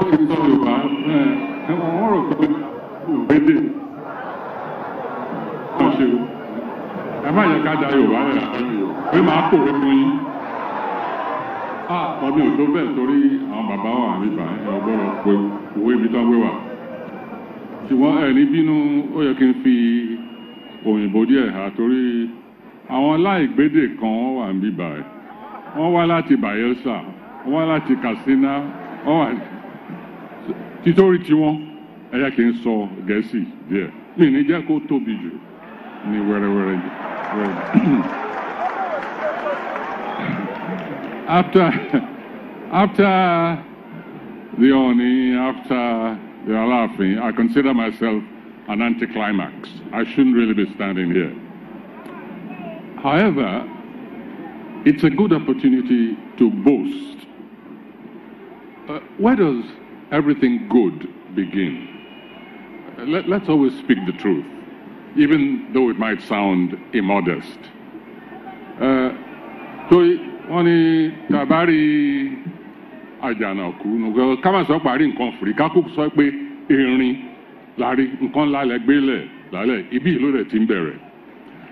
wọ́n ti sọ Yorùbá ẹ̀wọ̀n wọ́n rò pé Yorùbá dè wọ́n ṣe o ẹ má yẹ ká da Yorùbá rẹ̀ àwọn Yorùbá pé màá kò rí fún yín ọdún ò tó bẹ́ẹ̀ torí àwọn bàbá wa àmì bàá ẹ̀ ọgbọ́rọ̀ pé òwe ibi tó ń gbé wà ṣùgbọ́n ẹ̀rí bínú ó yẹ kí n fi òyìnbó díẹ̀ hà torí àwọn láìgbédè kan wọ́n wà ń bíbà ẹ̀ wọ́n wá láti Bayelsa wọ́n wá láti Katsina wọ́n wà ní. títorí kí n sọ mi ní jẹ́ kó tóbi jù ní after after the Oni, after the laughing, I consider myself an anticlimax. I shouldn't really be standing here. However, it's a good opportunity to boast. Uh, where does everything good begin. Let, let's always speak the truth, even though it might sound immodest. Uh, tó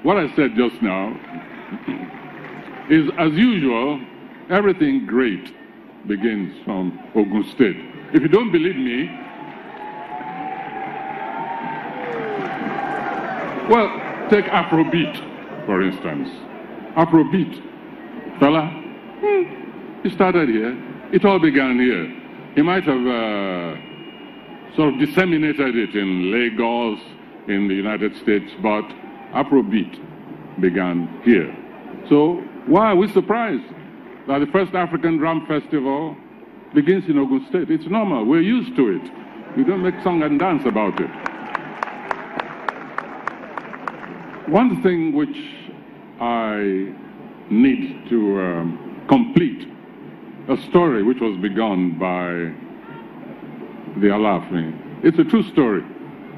What I said just now is as usual everything great begins from Ogun State. If you don't believe me, well, take Afrobeat, for instance. Afrobeat, fella, hmm, it started here. It all began here. He might have uh, sort of disseminated it in Lagos, in the United States, but Afrobeat began here. So why are we surprised that the first African drum festival begins in Ogun State. It's normal. We're used to it. We don't make song and dance about it. One thing which I need to um, complete a story which was begun by the Alafni. It's a true story,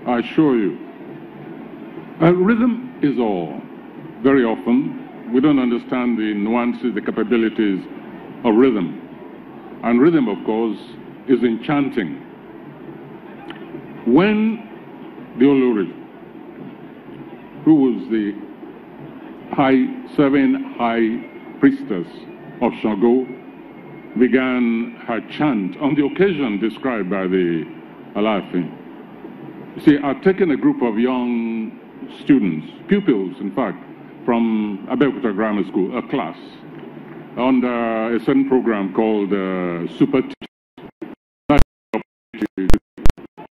I assure you. Uh, rhythm is all. Very often, we don't understand the nuances, the capabilities of rhythm and rhythm, of course, is enchanting. When the oluri, who was the high, seven high priestess of Shango, began her chant on the occasion described by the Alafin. See, I've taken a group of young students, pupils in fact, from Abeokuta Grammar School, a class, on the, a certain program called uh, Super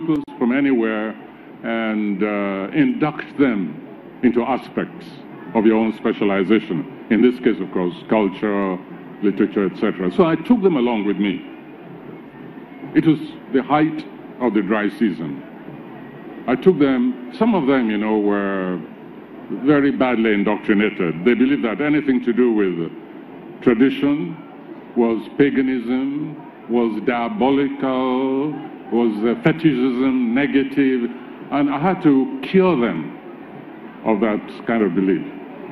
Pupils from anywhere and uh, induct them into aspects of your own specialization. In this case, of course, culture, literature, etc. So I took them along with me. It was the height of the dry season. I took them, some of them, you know, were very badly indoctrinated. They believed that anything to do with tradition, was paganism, was diabolical, was fetishism, negative, and I had to cure them of that kind of belief.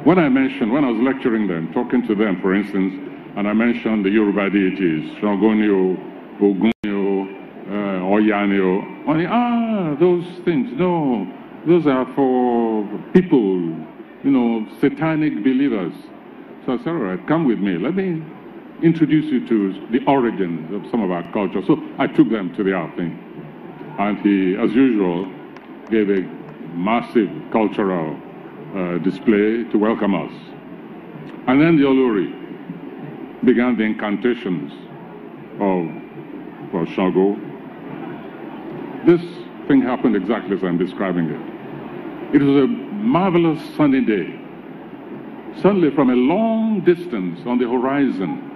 When I mentioned, when I was lecturing them, talking to them, for instance, and I mentioned the Yoruba deities, Shogunyo, Ogunio, uh, ah, those things, no, those are for people, you know, satanic believers. So I said, all right, come with me. Let me introduce you to the origins of some of our culture. So I took them to the outing. And he, as usual, gave a massive cultural uh, display to welcome us. And then the Oluri began the incantations of well, Shango. This thing happened exactly as I'm describing it. It was a marvelous sunny day. Suddenly, from a long distance on the horizon,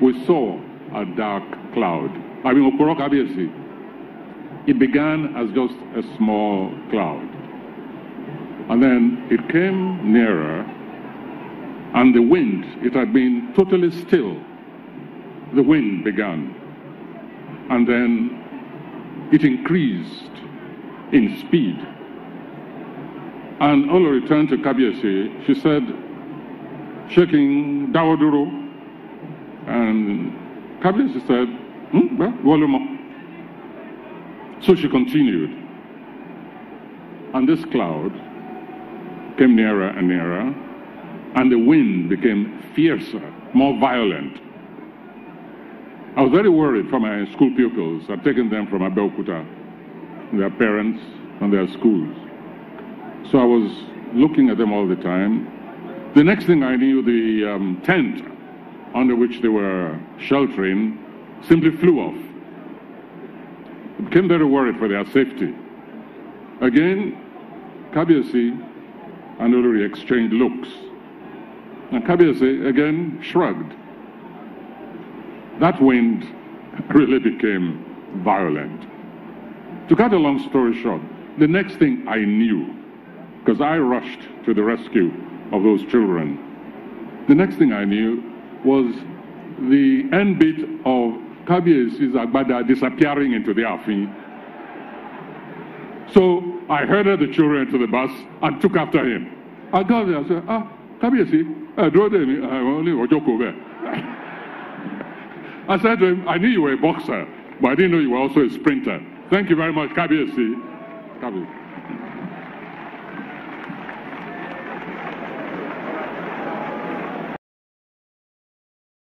we saw a dark cloud. I mean, it began as just a small cloud. And then it came nearer, and the wind, it had been totally still. The wind began. And then it increased in speed. And Ola returned to Kabiesi. She said, shaking Dawodoro. And Cabinet said, hmm, well, So she continued. And this cloud came nearer and nearer, and the wind became fiercer, more violent. I was very worried for my school pupils. I've taken them from Abeokuta, their parents, and their schools. So I was looking at them all the time, the next thing I knew, the um, tent under which they were sheltering simply flew off. I became very worried for their safety. Again, Kabiesi and Uluri exchanged looks. And Kabiesi again shrugged. That wind really became violent. To cut a long story short, the next thing I knew, because I rushed to the rescue of those children. The next thing I knew was the end bit of Kabiyesi's Agbada disappearing into the Afin. So I herded the children to the bus and took after him. I got there, and said, ah, Kabiyesi, eh, I drove them, I only Ojoko I said to him, I knew you were a boxer, but I didn't know you were also a sprinter. Thank you very much, Kabiyesi. Kabiyesi.